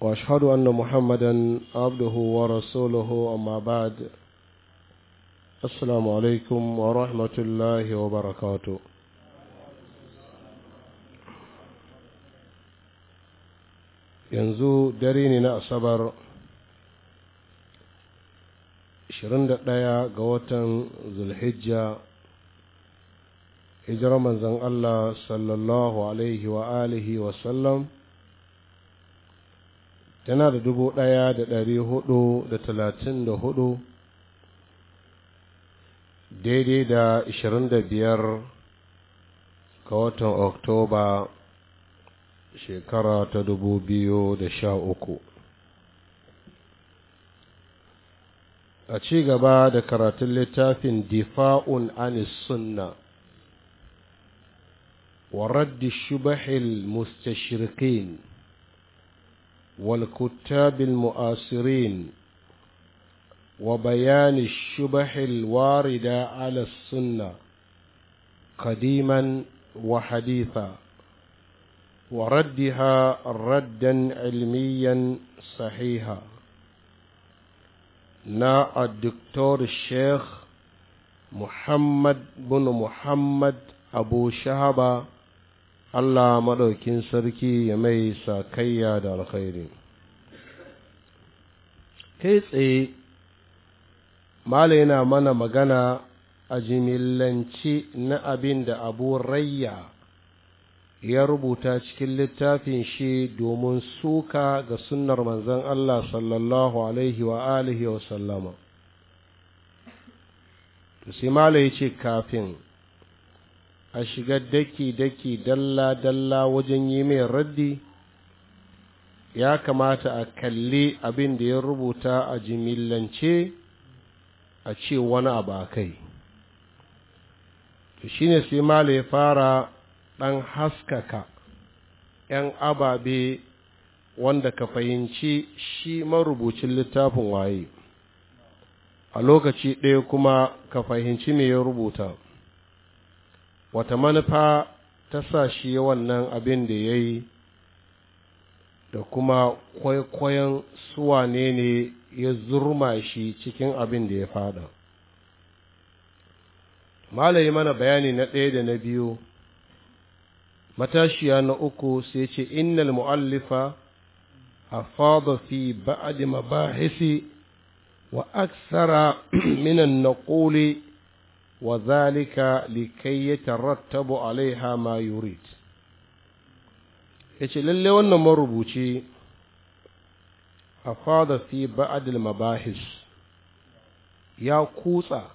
واشهد ان محمدا عبده ورسوله اما بعد السلام عليكم ورحمه الله وبركاته yanzu dare ne na asabar 21 ga watan zulhijja hijirar manzon allah sallallahu alaihi wa alihi wasallam tana da dubu ɗaya da ɗari hudu da talatin da hudu daidai da ashirin da biyar ga watan oktoba shekara ta dubu biyu da sha uku a ci gaba da karatun littafin difa'un anis sunna wa raddi shubahil mustashirkin والكتاب المعاصرين وبيان الشبح الواردة على السنة قديما وحديثا وردها ردا علميا صحيحا نا الدكتور الشيخ محمد بن محمد أبو شهبة Allah maɗaukin sarki ya mai sa sakayya da alkhairi. Kai tsaye, Mala yana mana magana a jimillanci na abin da abu rayya ya rubuta cikin littafin shi domin suka ga sunnar manzon Allah sallallahu Alaihi wa alihi wa sallama. sai Mala ya ce kafin a shiga daki-daki dalla-dalla wajen yi mai raddi ya kamata a kalli abin da ya rubuta a jimillance a ce wani abu kai to shi ne sai mala ya fara ɗan haskaka ‘yan ababe wanda ka fahimci shi marubucin littafin waye a lokaci ɗaya kuma ka fahimci mai ya rubuta wata manufa ta sa shi wannan abin da ya yi da kuma kwaikwayon suwane ne ya zurma shi cikin abin da ya fada malayi mana bayani na ɗaya da na biyu matashiya na uku sai ce innal mu'allifa afada fi ba'd mabahisi wa aksara minan na وذلك لكي يترتب عليها ما يريد yace للي wannan marubuci a في fi المباحث mabahis ya kutsa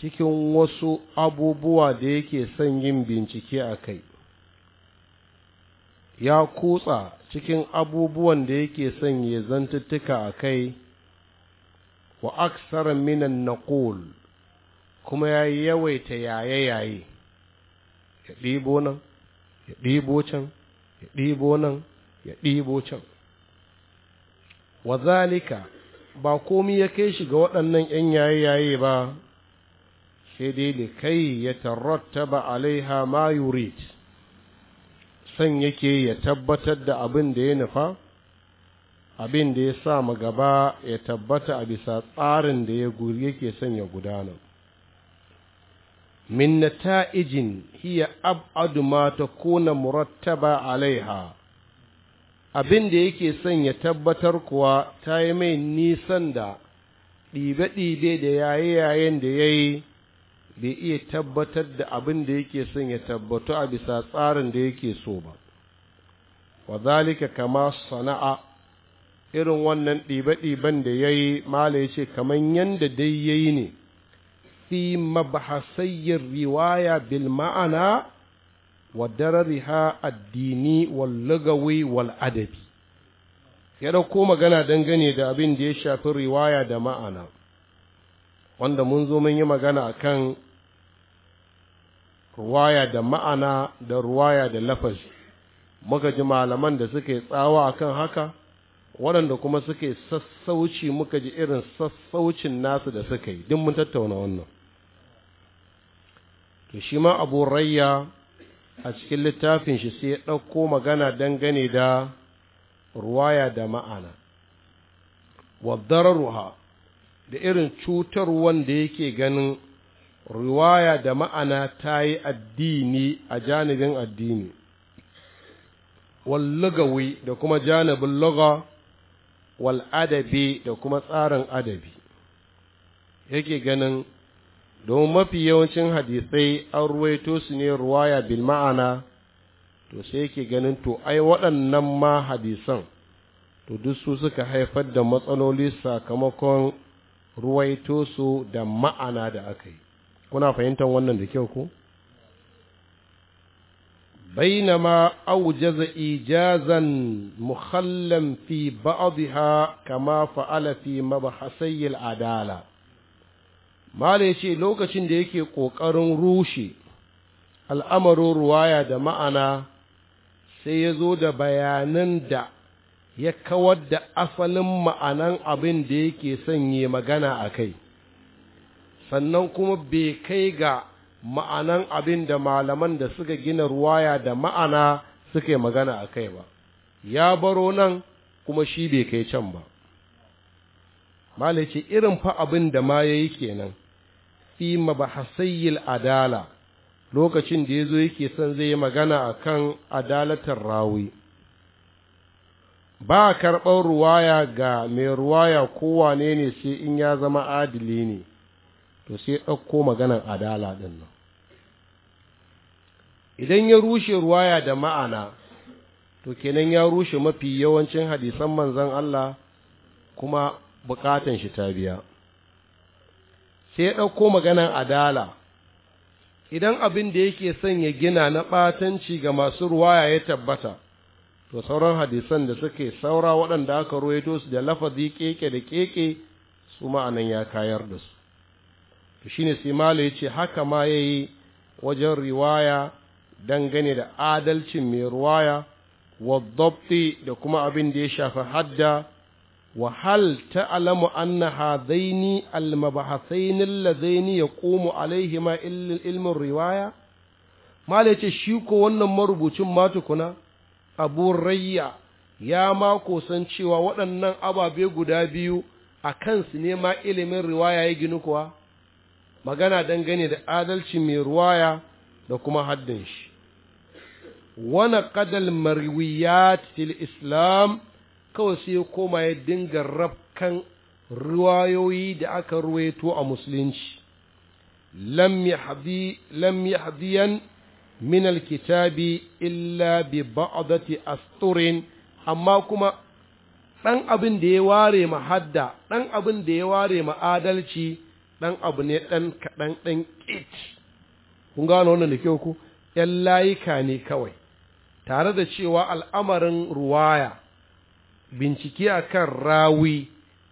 cikin wasu abubuwa da yake son yin bincike a kai ya kutsa cikin abubuwan da yake son ya zantuttuka a kai wa aksara minan naqul kuma ya yi yawaita yaye-yaye ya ɗibo nan ya ɗibo can ya ɗibo nan ya ɗibo can wazalika ba komi ya kai shi ga waɗannan ‘yan yaye-yaye ba sai dai da kai ya tarattaba alaiha ma yurit san yake ya tabbatar da abin da ya nufa abin da ya sa gaba ya tabbata a bisa tsarin da ya yake son ya gudana min nata'ijin hiya ab'adu ma takuna murattaba alaiha abin da yake son ya tabbatar kuwa ta yi mai nisan da ɗibe-ɗibe da yaye-yayen da ya yi bai iya tabbatar da abin da yake son ya tabbatu a bisa tsarin da yake so ba wa zalika kama sana'a irin wannan ɗibe-ɗiben da ya yi mala ya ce kamar yadda dai ya yi ne في مبحثي الرواية بالمعنى ودررها الديني واللغوي والأدبي ya ɗauko magana dangane da abin da ya shafi riwaya da ma'ana wanda mun zo mun yi magana akan ruwaya da ma'ana da ruwaya da lafazi muka ji malaman da suke tsawa akan haka waɗanda kuma suke sassauci muka ji irin sassaucin nasu da suka yi duk mun tattauna wannan to shi ma abu rayya a cikin littafin shi sai ya ɗauko magana dangane da ruwaya da ma'ana Wadararruha da irin cutar wanda yake ganin ruwaya da ma'ana ta yi addini a janibin addini wallagawi da kuma janibin laga wal'adabi da kuma tsarin adabi yake ganin don mafi yawancin hadisai an ruwaito su ne ruwaya bil ma'ana to sai yake ganin to ai waɗannan ma hadisan to duk su suka haifar da matsaloli sakamakon ruwaito su da ma'ana da aka yi kuna fahimtar wannan da kyau ko بينما أوجز إيجازا مخلا في بعضها كما فعل في مبحثي العدالة mala ce lokacin da yake ƙoƙarin rushe al'amarin ruwaya da ma'ana sai ya zo da bayanan da ya kawar da asalin ma'anan abin da yake sanye magana a kai sannan kuma bai kai ga ma'anan abin da malaman da suka gina ruwaya da ma'ana suka yi magana a kai ba ya baro nan kuma shi bai kai can ba mala ce irin fa abin da ma ya yi kenan fi mabahasayyil adala lokacin da ya zo yake son zai yi magana a kan adalatar rawi ba a karɓar ruwaya ga mai ruwaya kowane ne sai in ya zama adili ne to sai ɗauko maganan adala ɗin idan ya rushe ruwaya da ma'ana to kenan ya rushe mafi yawancin hadisan manzon Allah kuma bukatan shi ta biya sai ya ɗauko maganan adala idan abin da yake son ya gina na ɓatanci ga masu ruwaya ya tabbata to sauran hadisan da suke saura waɗanda aka ruwaito su da lafazi keke da keke su ma'anan ya kayar da su to shine sai malo ya ce haka ma ya yi wajen riwaya dangane da adalcin mai ruwaya wadabti da kuma abin da ya shafi hadda وهل تعلم أن هذين المبحثين اللذين يقوم عليهما إلا العلم الرواية ما لك شيكو وانا مربو ما تكنا أبو الريا يا ما كوسن شوا وانا أبا بيقو دابيو أكن سنما علم الرواية يجنكوا magana dangane da adalci mai ruwaya da kuma haddin shi wana qadal marwiyat fil islam kawai sai ya koma ya dinga rabkan ruwayoyi da aka ruwaito a musulunci lam hadiyan min alkitabi illa bi ba'dati asturin amma kuma ɗan abin da ya ware ma hadda ɗan abin da ya ware ma adalci ɗan abu ne ɗan kaɗan ɗan ƙit kun gano wannan da kyau ku ‘yan layika ne kawai tare da cewa al'amarin ruwaya bincike a kan rawi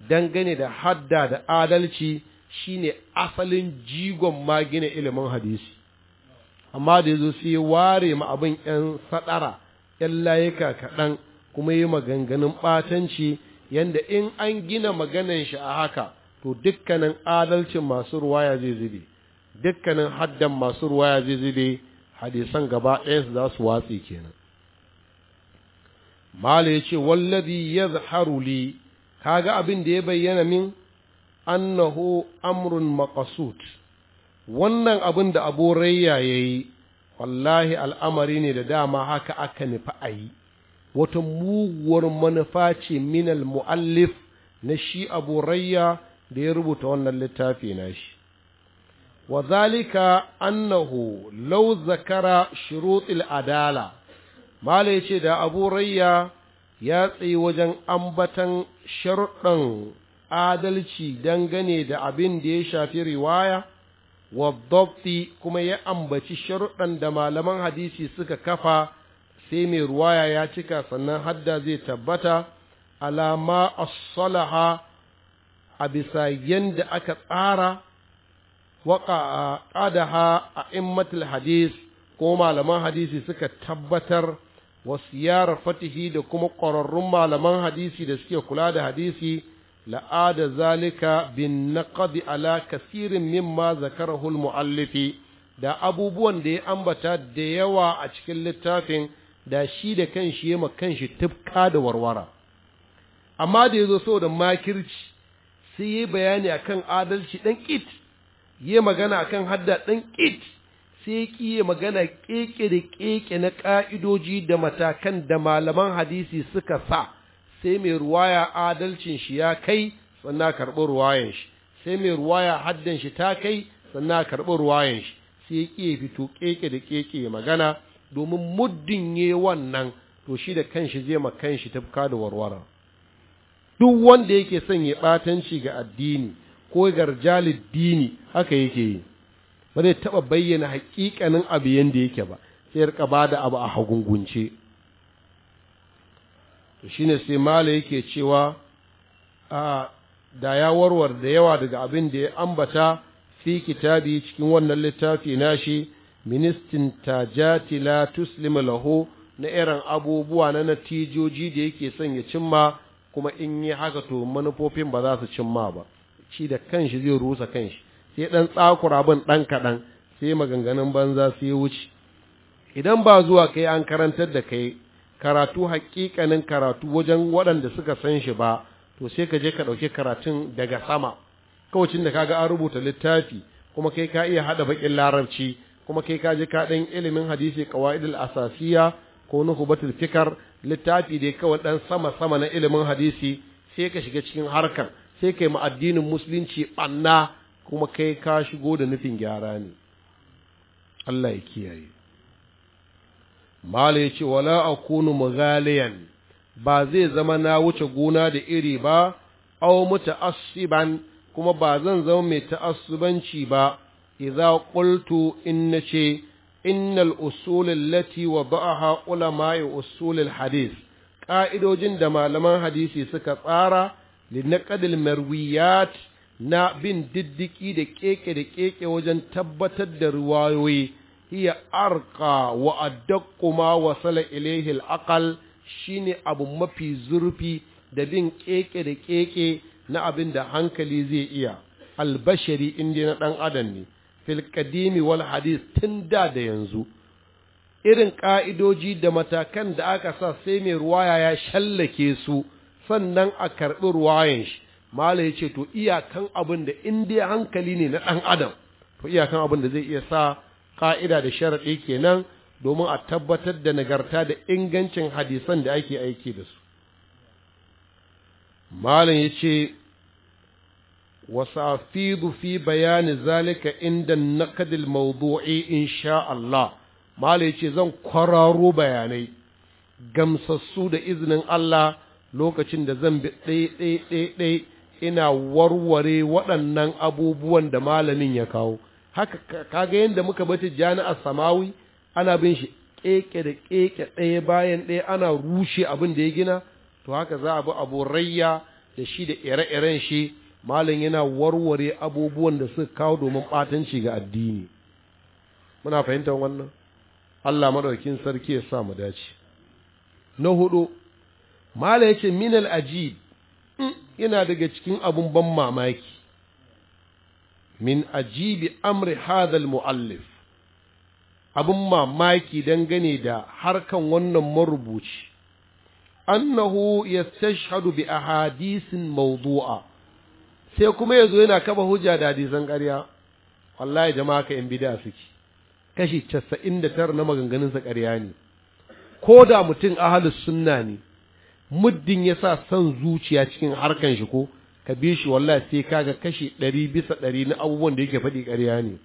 dangane da hadda da adalci shine asalin jigon magina ilimin hadisi amma da yazo sai ware ma abin yan sadara yan layuka kaɗan kuma yi maganganun ɓatanci yanda in an gina maganan shi a haka to dukkanin adalcin masu ruwaya zai zube dukkanin haddan masu ruwaya zai zube hadisan gaba ɗaya su za su watsi kenan mala ya ce wallazi ya li kaga abin da ya bayyana min annahu amrun maqasud wannan abin da abu rayya ya yi wallahi al'amari ne da dama haka aka nufi a yi wata muguwar manufa ce minal mu'allif na shi abu rayya da ya rubuta wannan littafi na shi wa zalika annahu law zakara shurutul adala Malai ce da Abu Rayya ya tsayi wajen ambatan sharuɗan adalci dangane da abin da ya shafi riwaya, waddabti kuma ya ambaci sharuɗan da malaman hadisi suka kafa sai mai ruwaya ya cika sannan hadda zai tabbata alama as-salaha a bisa yadda aka tsara waka a ƙadaha a immatul hadis ko malaman hadisi suka tabbatar wasu yara fatihi da kuma ƙwararrun malaman hadisi da suke kula da hadisi la'ada zalika bin naqadi ala kasirin mimma zakarahu muallifi da abubuwan da ya ambata da yawa a cikin littafin da shi da kanshi ya kanshi tufka da warwara amma da yazo zo saboda makirci sai yi bayani akan adalci ɗan kit yayi magana akan hadda ɗan kit sai kiye magana keke da keke na ƙa'idoji da matakan da malaman hadisi suka sa sai mai ruwaya adalcin shi ya kai sannan karɓi ruwayan shi sai mai ruwaya haddan shi ta kai sannan karɓi ruwayan shi sai kiye fito keke da keke magana domin muddin ye wannan to shi da kanshi zai ma kanshi tafka da warwara duk wanda yake son ya batanci ga addini ko ga dini haka yake yi ba zai taɓa bayyana haƙiƙanin abu yadda yake ba sai rika ba da abu a hagungunce to shine sai mala yake cewa a da ya warwar da yawa daga abin da ya ambata fi kitabi cikin wannan littafi shi ministin tajati la tuslima lahu na irin abubuwa na natijoji da yake son ya cimma kuma in yi haka to manufofin ba za su cimma ba shi da kanshi zai rusa kanshi sai ɗan tsakura abin ɗan kaɗan sai maganganun banza sai wuce idan ba zuwa kai an karantar da kai karatu hakikanin karatu wajen waɗanda suka san shi ba to sai ka je ka ɗauki karatun daga sama kawacin da kaga an rubuta littafi kuma kai ka iya haɗa baƙin larabci kuma kai ka je ka ɗan ilimin hadisi qawaidul asasiya ko nuhubatul fikar littafi dai kawai ɗan sama sama na ilimin hadisi sai ka shiga cikin harkar sai kai ma addinin musulunci ɓanna kuma kai ka shigo da nufin gyara ne Allah ya kiyaye mala ya ce wala akunu muzaliyan. ba zai zama na wuce gona da iri ba aw muta'assiban kuma ba zan zama mai ta'assubanci ba Iza qultu inna ce innal usul allati wada'aha ulama'i usul hadis. ka'idojin da malaman hadisi suka tsara linaqdil marwiyat na bin diddiki da keke da keke wajen tabbatar da ruwayoyi hiya arqa wa addaqqu ma wasala ilayhi al shine abu mafi zurfi da bin keke da keke na abin da hankali zai iya albashari inda na dan adam ne fil qadimi wal hadith tun da da yanzu irin ka'idoji da matakan da aka sa sai mai ruwaya ya shallake su sannan a karɓi ruwayan shi mala ya ce to iyakan abin da in hankali ne na ɗan adam to iyakan abin da zai iya sa ƙa'ida da sharaɗi kenan domin a tabbatar da nagarta da ingancin hadisan da ake aiki da su malam ya ce wasafidu fi bayani zalika inda naqdil mawdu'i insha Allah malam ya ce zan kwararo bayanai gamsassu da izinin Allah lokacin da zan bi ɗai ɗai ɗai ɗai ina warware waɗannan abubuwan da malamin ya kawo haka kaga yadda muka bace a samawi ana bin shi keke da keke ɗaya bayan ɗaya ana rushe abin da ya gina to haka za a bi abu rayya da shi da ire-iren shi malam yana warware abubuwan da suka kawo domin ɓatanci ga addini muna fahimtar wannan Allah madaukin sarki ya sa mu dace na hudu malam yace minal al ajib yana daga cikin abun ban mamaki min ajibi amri hadal muallif abun mamaki dangane da harkan wannan marubuci annahu yastashhadu bi ahadisin mawdu'a sai kuma yazo yana kaba hujja da hadisan ƙarya wallahi jama'a ka yan bid'a suke kashi 99 na maganganunsa sa ƙarya ne ko da mutum ahlus sunna ne muddin ya sa son zuciya cikin harkan shi ko ka bi shi wallahi sai kaga kashi ɗari bisa ɗari na abubuwan da yake faɗi ƙarya ne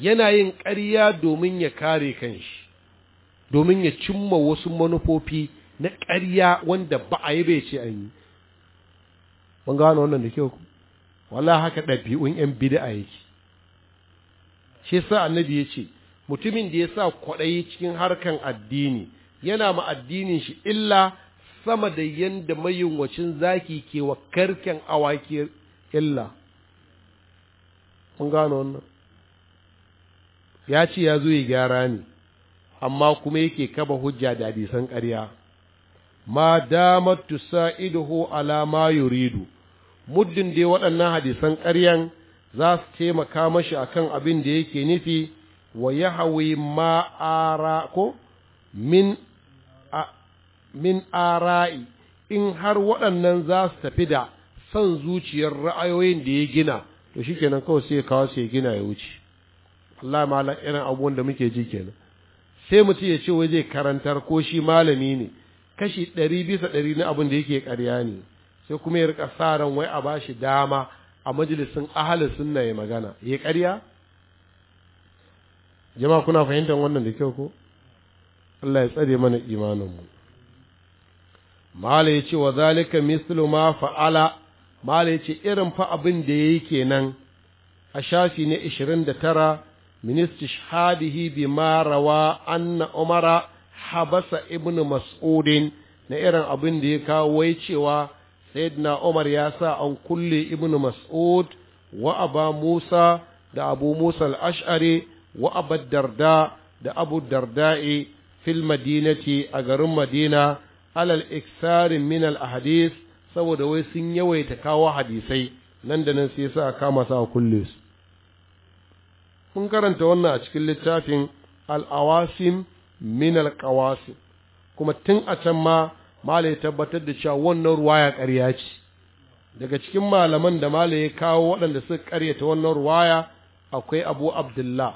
yana yin ƙarya domin ya kare kanshi domin ya cimma wasu manufofi na ƙarya wanda ba a yi bai ce an yi mun gano wannan da kyau wala haka ɗabi'un 'yan bid'a yake shi sa annabi ya ce mutumin da ya sa kwaɗayi cikin harkan addini yana ma addinin shi illa sama da yanda mayunwacin zaki ke wa karken awaki illa mun gano wannan ya ce ya zo ya gyara ni, amma kuma yake kaba hujja da hadisan ƙarya ma damat tusaiduhu ala ma yuridu muddin dai waɗannan hadisan ƙaryan za su taimaka mashi akan abin da yake nufi wa yahawi ma'ara ko min min ara'i in har waɗannan za su tafi da son zuciyar ra'ayoyin da ya gina to shikenan kawai sai ya kawo sai ya gina ya wuce Allah malam irin abubuwan da muke ji kenan sai mutum ya ce wai zai karantar ko shi malami ne kashi ɗari bisa ɗari na abin da yake ƙarya ne sai kuma ya rika sa ran wai a bashi dama a majalisin ahalin sunna ya magana ya ƙarya jama'a kuna fahimtar wannan da kyau ko Allah ya tsare mana imanin mu. mala ya ce wa zalika mislu ma fa'ala mala ya ce irin fa abin da ya yi kenan a shafi na ishirin da tara ministi shahadihi bi marawa anna umara habasa ibnu mas'udin na irin abin da ya kawo wai cewa sayyidina umar ya sa an kulle ibnu mas'ud wa aba musa da abu musa al-ash'ari wa abu darda da abu darda'i fil madinati a garin madina alal iksarin min al ahadith saboda wai sun yawaita kawo hadisai nan da nan sai sa kama sa kulle su mun karanta wannan a cikin littafin al awasim min al qawasim kuma tun a can ma malai ya tabbatar da cewa wannan ruwaya ƙarya ce daga cikin malaman da malai ya kawo waɗanda suka ƙaryata wannan ruwaya akwai abu abdullah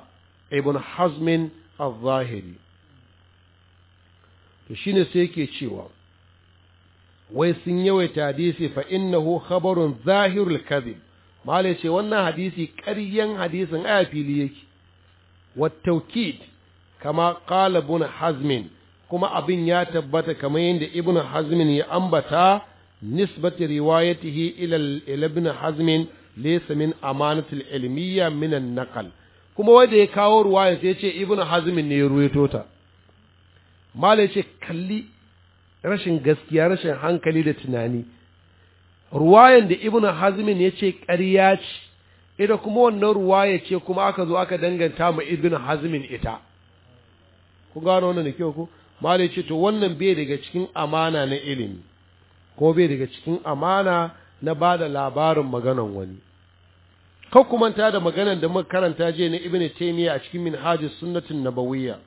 ibn hazmin al-zahiri to shine sai yake cewa wai sun yawaita hadisi fa innahu khabarun zahirul kadhib malai ce wannan hadisi ƙaryen hadisin aya fili yake wa tawkid kama qala ibn hazmin kuma abin ya tabbata kamar yadda ibn hazmin ya ambata nisbati riwayatihi ila ibn hazmin laysa min amanatil ilmiya min an kuma wanda ya kawo ruwaya sai ce ibn hazmin ne ya ruwaito ta mala ce kalli rashin gaskiya rashin hankali da tunani ruwayan da ibnu hazmin ya ce ƙarya ce ita kuma wannan ruwaya ce kuma aka zo aka danganta ma ibnu hazmin ita ku gano wannan da kyau ku malai ce to wannan bai daga cikin amana na ilimi ko bai daga cikin amana na ba da labarin maganan wani kan kuma manta da maganan da muka karanta je na ibnu taymiya a cikin minhajus sunnatin nabawiyya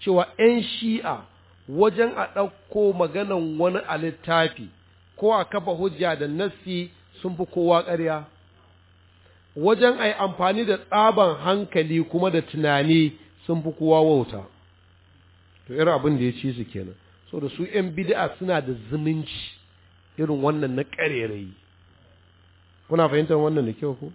cewa 'yan shi'a wajen a ɗauko maganan wani a littafi ko a kafa hujja da nassi sun fi kowa ƙarya wajen a yi amfani da tsaban hankali kuma da tunani sun fi kowa wauta to irin abin da ya ci su kenan so da su 'yan bid'a suna da zumunci irin wannan na ƙarerayi kuna fahimtar wannan da kyau ku?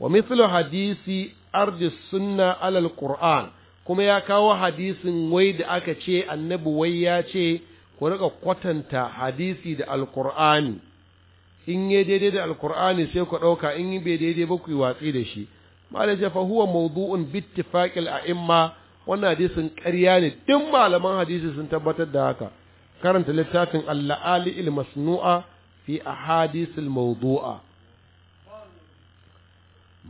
wa mithlu hadisi ardi sunna alal qur'an kuma ya kawo hadisin wai da aka ce annabi wai ya ce ku rika kwatanta hadisi da alkur'ani in yi daidai da alkur'ani sai ku ɗauka in yi bai daidai ba ku yi watsi da shi malai ce fa huwa mawdu'un bittifaqil a'imma wannan hadisin ƙarya ne duk malaman hadisi sun tabbatar da haka karanta littafin al-la'ali al-masnu'a fi ahadisil mawdu'a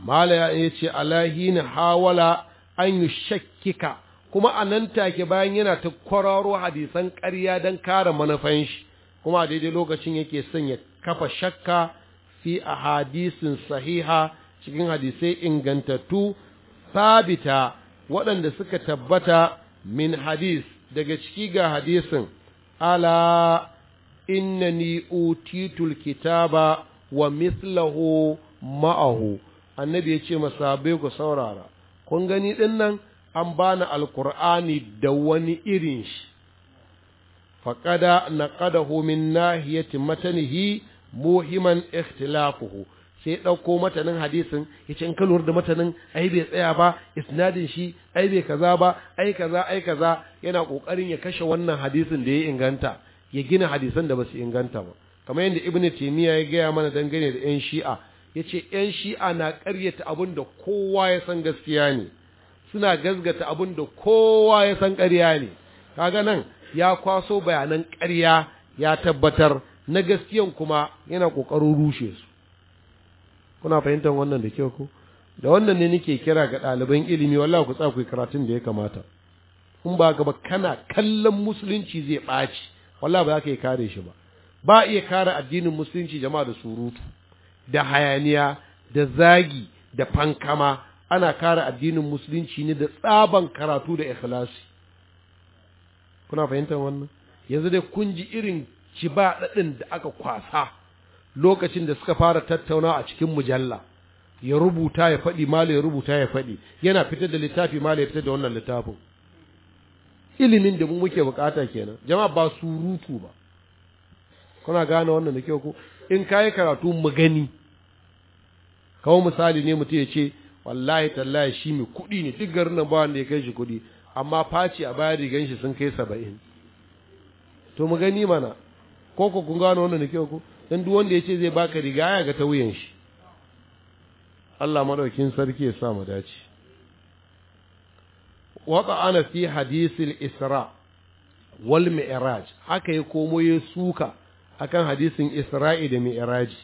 mala ya ce alahina hawala an yi shakkika kuma a nan take bayan yana ta kwararo hadisan ƙarya don kare manufan shi kuma a daidai lokacin yake son ya kafa shakka fi a hadisin sahiha cikin hadisai ingantattu sabita waɗanda suka tabbata min hadis daga ciki ga hadisin ala innani utitul kitaba wa mislahu ma'ahu annabi ya ce masahabai ku saurara kun gani ɗin nan an bani alkur'ani da wani irin shi faƙada na ƙadahu min nahiyati matanihi muhiman ikhtilafuhu sai ɗauko matanin hadisin ya ce in ka da matanin ai bai tsaya ba isnadin shi ai bai kaza ba ai kaza ai kaza yana ƙoƙarin ya kashe wannan hadisin da ya inganta ya gina hadisan da ba su inganta ba kamar yadda ibnu taymiya ya gaya mana dangane da yan shi'a ya ce ‘yan shi'a na ƙaryata abin da kowa ya san gaskiya ne suna gazgata abin da kowa ya san ƙarya ne kaga nan ya kwaso bayanan ƙarya ya tabbatar na gaskiyan kuma yana ƙoƙarin rushe su kuna fahimtar wannan da kyau ko da wannan ne nake kira ga ɗaliban ilimi wala ku karatun da ya kamata in ba kana kallon musulunci zai ɓaci Wala ba za ka yi kare shi ba ba iya kare addinin musulunci jama'a da surutu da hayaniya da zagi da fankama ana kare addinin musulunci ne da tsaban karatu da ikhlasi kuna fahimtar wannan yanzu dai kun ji irin ciba ɗaɗin da aka kwasa lokacin da suka fara tattauna a cikin mujalla ya rubuta ya faɗi mala ya rubuta ya faɗi yana fitar da littafi mala ya fitar da wannan littafin ilimin da mu muke bukata kenan jama'a ba surutu ba kuna gane wannan da kyau ko in kayi karatu mu gani kawo misali ne mutum ya ce wallahi tallahi shi mai kuɗi ne duk garin nan ba wanda ya kai shi kuɗi amma faci a bayan rigan shi sun kai saba'in to mu gani mana ko ko kun gano wannan nake kyau ko dan duk wanda ya ce zai baka riga ya ga ta wuyan shi Allah madaukin sarki ya sa mu dace wata ana fi hadisil isra wal mi'raj haka ya komo ya suka akan hadisin isra'i da mi'raji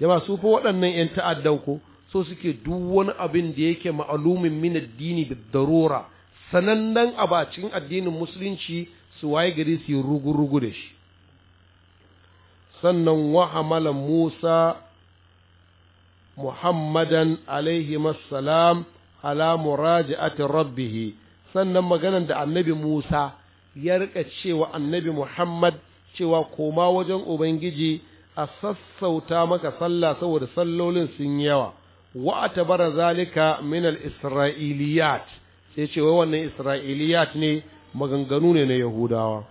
jama'a su fa waɗannan 'yan ta'addan ko so suke duk wani abin da yake ma'alumin min addini da darura sanannen abu a addinin musulunci su waye gari su yi rugu da shi sannan wa hamala musa muhammadan alaihi salam ala muraji'ati rabbihi sannan maganan da annabi musa ya rika cewa annabi muhammad cewa koma wajen ubangiji a sassauta maka sallah saboda sallolin sun yawa wa atabara zalika min israiliyat sai cewa wannan isra'iliyat ne maganganu ne na yahudawa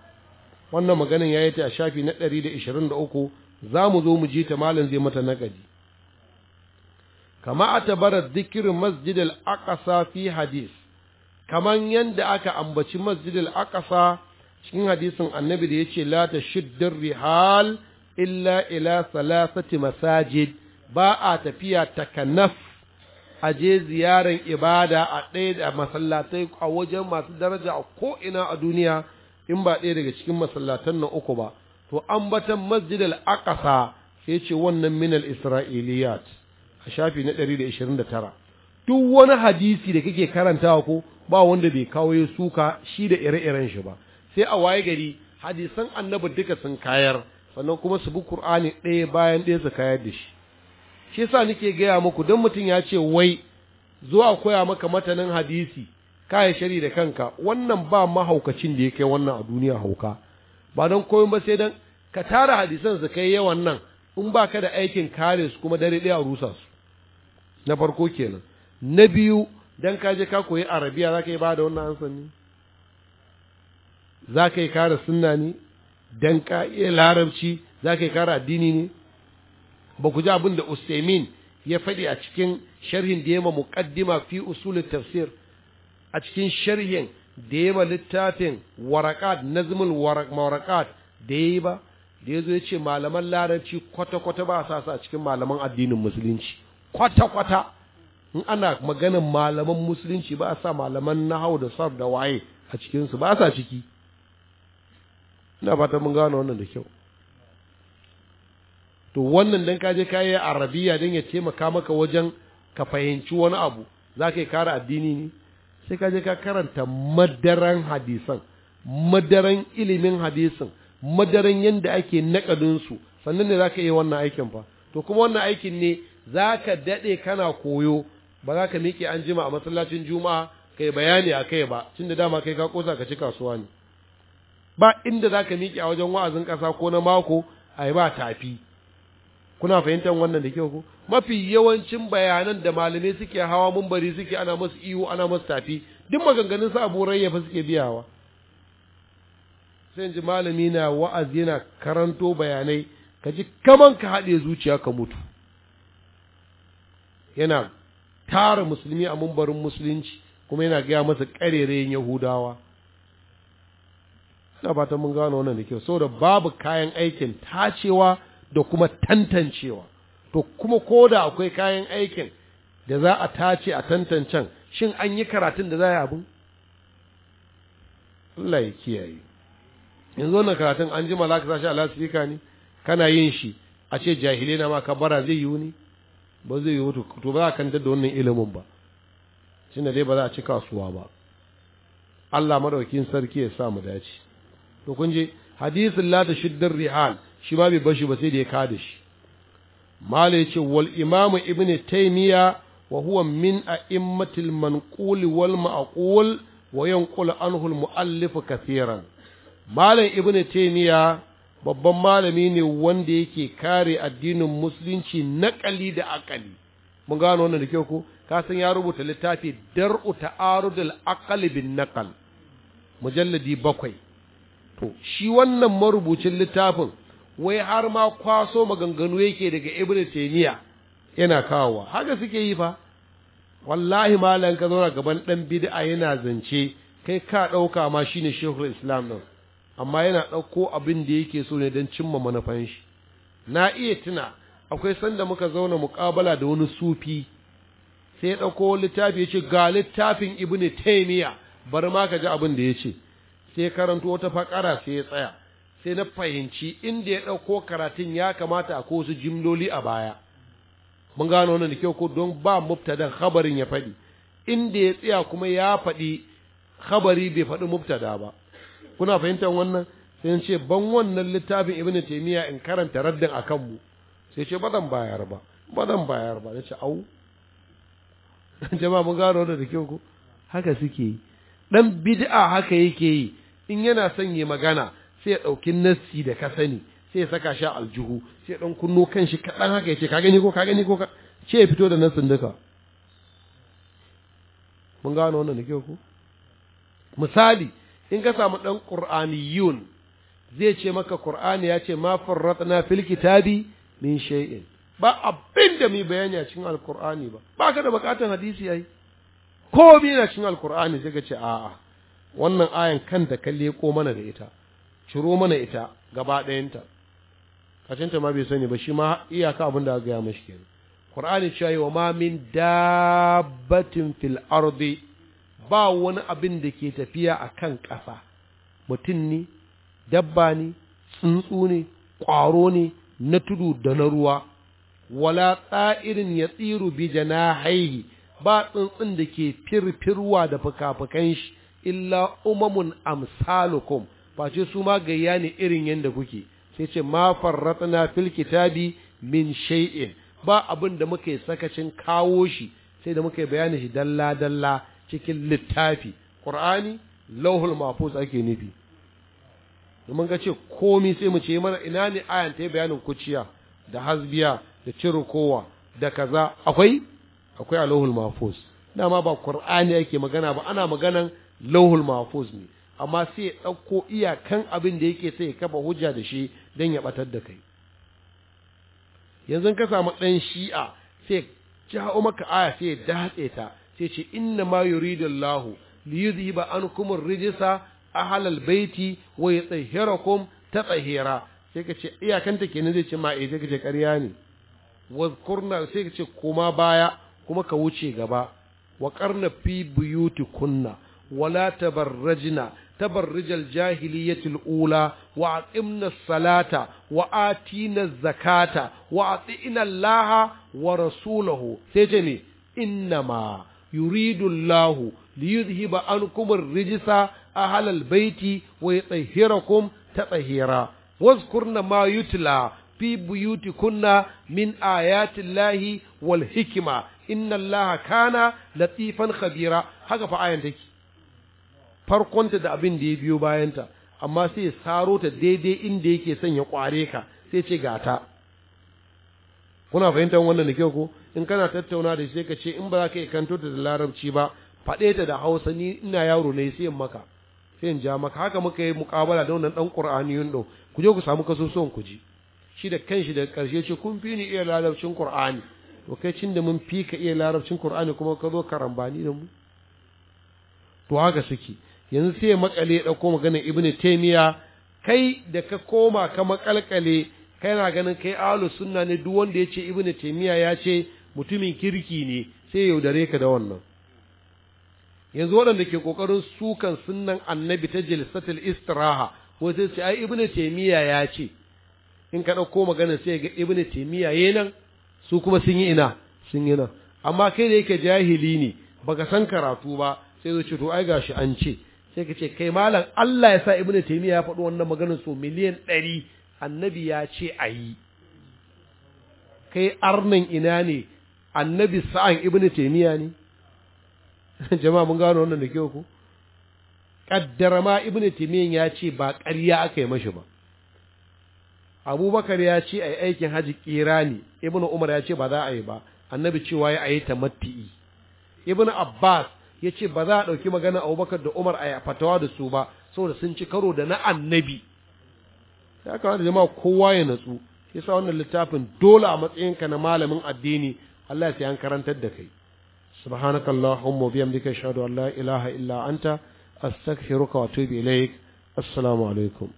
wannan maganin yi ta a shafi na 123 za mu zo mu ji ta malam zai mata nagadi. kama a dhikr masjid masjidil aqsa fi hadis, kaman yanda aka ambaci masjidil Akasa. cikin hadisin annabi da yace la tashiddar rihal illa ila salasati masajid ba a tafiya takanaf a je ziyaran ibada a ɗaya da masallatai a wajen masu daraja a ko ina a duniya in ba ɗaya daga cikin masallatan na uku ba to ambatan masjid al-aqsa sai ce wannan min al-isra'iliyat a shafi na 129 duk wani hadisi da kake karantawa ko ba wanda bai kawo suka shi da ire-iren shi ba sai a waye gari hadisan annabi duka sun kayar sannan kuma su bi qur'ani ɗaya bayan ɗaya su kayar da shi shi yasa nake gaya muku don mutum ya ce wai zo a koya maka matanin hadisi kaya shari da kanka wannan ba mahaukacin da ya kai wannan a duniya hauka ba don koyon ba sai don ka tara hadisan su kai yawan nan in ba ka da aikin kare su kuma dare ɗaya a rusa su na farko kenan na biyu don ka je ka koyi arabiya za ka yi ba da wannan an ne za ka yi kara sunna ne dan ka iya larabci za ka yi kara addini ne ba ku ji abin da usaimin ya faɗi a cikin sharhin da yama muqaddima fi usul tafsir a cikin sharhin da yama littafin warakat nazmul warakat da yayi ba da yazo ya ce malaman larabci kwata kwata ba sa sa cikin malaman addinin musulunci kwata kwata in ana maganin malaman musulunci ba a sa malaman nahau da sar da waye a cikinsu ba sa ciki ina fata mun gano wannan da kyau to wannan dan ka je kai arabiya dan ya taimaka maka wajen ka fahimci wani abu za ka yi kara addini ne sai ka je ka karanta madaran hadisan madaran ilimin hadisin madaran yadda ake naƙadinsu sannan ne za ka iya wannan aikin fa to kuma wannan aikin ne za ka daɗe kana koyo ba za ka miƙe an jima a masallacin juma'a kai bayani a kai ba tunda da dama kai ka ƙosa ka ci kasuwa ne ba inda za ka miƙe a wajen wa'azin ƙasa ko na mako a yi ba tafi kuna fahimtar wannan da kyau ko mafi yawancin bayanan da malamai suke hawa mumbari suke ana masu iyo ana masu tafi duk maganganun su ya fi suke biyawa sai ji malami na wa'azi yana karanto bayanai ka ji kaman ka haɗe zuciya ka mutu yana tara musulmi a mumbarin musulunci kuma yana gaya masa ƙarerayin yahudawa ina fatan mun gano wannan da kyau saboda babu kayan aikin tacewa da kuma tantancewa to kuma ko da akwai kayan aikin da za a tace a tantancen shin an yi karatun da za a abin Allah ya kiyaye yanzu wannan karatun an ji malaka sashi a lasifika ne kana yin shi a ce jahilai na ma bara zai yiwu ne ba zai yiwu to ba za a kantar da wannan ilimin ba shi dai ba za a ci kasuwa ba Allah madaukin sarki ya sa mu dace to kun je hadisin la shiddar Rihal shi ma bai bashi ba sai da ya kada shi mala yace wal imamu ibn taymiya wa huwa min a'immatil manqul wal ma'qul wa yanqul anhu al muallif kathiran malam ibn taymiya babban malami ne wanda yake kare addinin musulunci naƙali da akali mun gano wannan da kyau ko ka san ya rubuta littafi dar'u ta'arudul aqli bin naqal mujalladi bakwai to shi wannan marubucin littafin wai har ma kwaso maganganu yake daga ibn taymiya yana kawowa haka suke yi fa wallahi malam ka zauna gaban ɗan bid'a yana zance kai ka ɗauka ma shine shehur islam din amma yana dauko abin da yake so ne don cimma manufan shi na iya tuna akwai sanda muka zauna muƙabala da wani sufi sai ya ɗauko littafi ya ce ga littafin ibn taymiya bar ma ka ji abin da ya ce sai karanto wata fakara sai ya tsaya sai na fahimci inda ya ɗauko karatun ya kamata a ko su jimloli a baya mun gano wannan da kyau ko don ba mubtadan khabarin ya faɗi inda ya tsaya kuma ya faɗi khabari bai faɗi mubtada ba kuna fahimtar wannan sai ce ban wannan littafin ibnu taymiya in karanta raddin akan mu sai ce ba zan bayar ba ba zan bayar ba nace au jama'a mun gano da da kyau ko haka suke yi dan bid'a haka yake yi in yana son yi magana sai ya ɗauki nassi da ka sani sai ya saka shi aljihu sai ɗan kunno kan shi kaɗan haka ya ce ka gani ko ka gani ko ka ce ya fito da nassin duka mun gano wannan da kyau ko misali in ka samu ɗan ƙur'aniyun zai ce maka ƙur'ani ya ce ma farratna fil kitabi min shay'in ba abin da mai bayani a cikin alƙur'ani ba ba ka da buƙatar hadisi yayi ko bi na cikin alƙur'ani sai ka ce a'a wannan ayan kanta ka leko mana da ita ciro mana ita gaba ɗayanta kacinta ma bai sani ba shi ma iyaka abin da aka gaya mashi kenan qur'ani cewa yi wa ma min dabbatin fil ardi ba wani abin da ke tafiya a kan ƙasa mutum ne dabba ne tsuntsu ne ƙwaro ne na tudu da na ruwa wala tsa'irin ya tsiru bi haihi ba tsuntsun da ke firfirwa da fuka-fukan shi illa umamun amsalukum face su ma gayya ne irin yadda kuke sai ce ma farratna fil kitabi min shay'in ba abin da muka yi sakacin kawo shi sai da muka yi shi dalla dalla cikin littafi qur'ani lauhul mahfuz ake nufi domin ga ce komi sai mu ce mana ina ne ayan ta bayanin kuciya da hasbiya da cirukowa da kaza akwai akwai a lauhul mahfuz dama ba qur'ani ake magana ba ana maganan lauhul mahfuz ne amma sai ya ɗauko iyakan abin da yake sai ya kafa hujja da shi don ya ɓatar da kai yanzu ka samu ɗan shi'a sai jawo maka aya sai ya datse ta sai ce inna ma yuridullahu li yudhiba ankum ar-rijsa al baiti wa yutahhirakum tatahira sai ka ce iyakanta kenan zai ce ma eh ka ce ƙarya ne wazkurna sai ka ce kuma baya kuma ka wuce gaba wa qarna fi buyutikunna wala tabarrajna tabarrijal jahiliyatil ula wa aqimna salata wa atina zakata wa atina allaha wa rasulahu sai ce ne innama yuridu allahu liyudhhiba ankum ar-rijsa ahal al-baiti wa yutahhirakum tatahira واذكرن ما يتلى في بيوتكن من آيات الله والحكمة إن الله كان لطيفا خبيرا هذا فآية تكي farkonta da abin da ya biyo bayanta amma sai ya saro ta daidai inda yake son ya kware ka sai ce gata kuna fahimtar wannan da kyau ko in kana tattauna da shi sai ka ce in ba za ka yi kanto da larabci ba faɗe ta da hausa ni ina yaro ne sai in maka sai in ja maka haka muka yi mukabala da wannan dan qur'aniyun do ku je ku samu kasusuwan ku ji shi da kanshi da karshe ce kun fi ni iya larabcin qur'ani to kai cin da mun fi ka iya larabcin qur'ani kuma ka zo karambani da mu to haka suke yanzu sai ya makale ya ɗauko magana ibn taimiya kai da ka koma ka makalkale kai na ganin kai alu sunna ne duk wanda ya ce ibn taimiya ya ce mutumin kirki ne sai ya yaudare ka da wannan yanzu waɗanda ke ƙoƙarin sukan sunnan annabi ta jilsatul istiraha ko sai ce ai ibn taimiya ya ce in ka ɗauko magana sai ga ibn taimiya nan su kuma sun yi ina sun yi nan amma kai da yake jahili ne baka san karatu ba sai zo ce to ai gashi an ce sai ka ce kai malam Allah ya sa ibnu taymiya ya faɗi wannan maganar so miliyan ɗari annabi ya ce a yi kai arnin ina ne annabi sa'an ibnu taymiya ne jama'a mun gano wannan da kyau ko kaddara ma ibnu taymiya ya ce ba ƙarya aka yi mashi ba abubakar ya ce a yi aikin haji kirani ibnu umar ya ce ba za a yi ba annabi cewa ya a yi tamatti'i ibnu abbas ya ce ba za a ɗauki magana abubakar da umar a fatawa da su ba saboda sun ci karo da na annabi ya kamata jama'a kowa ya natsu ya sa wannan littafin dole a matsayinka na malamin addini Allah ya an karantar da kai subhanaka allahumma bihamdika ashhadu an la ilaha illa anta astaghfiruka wa atubu ilaik assalamu alaikum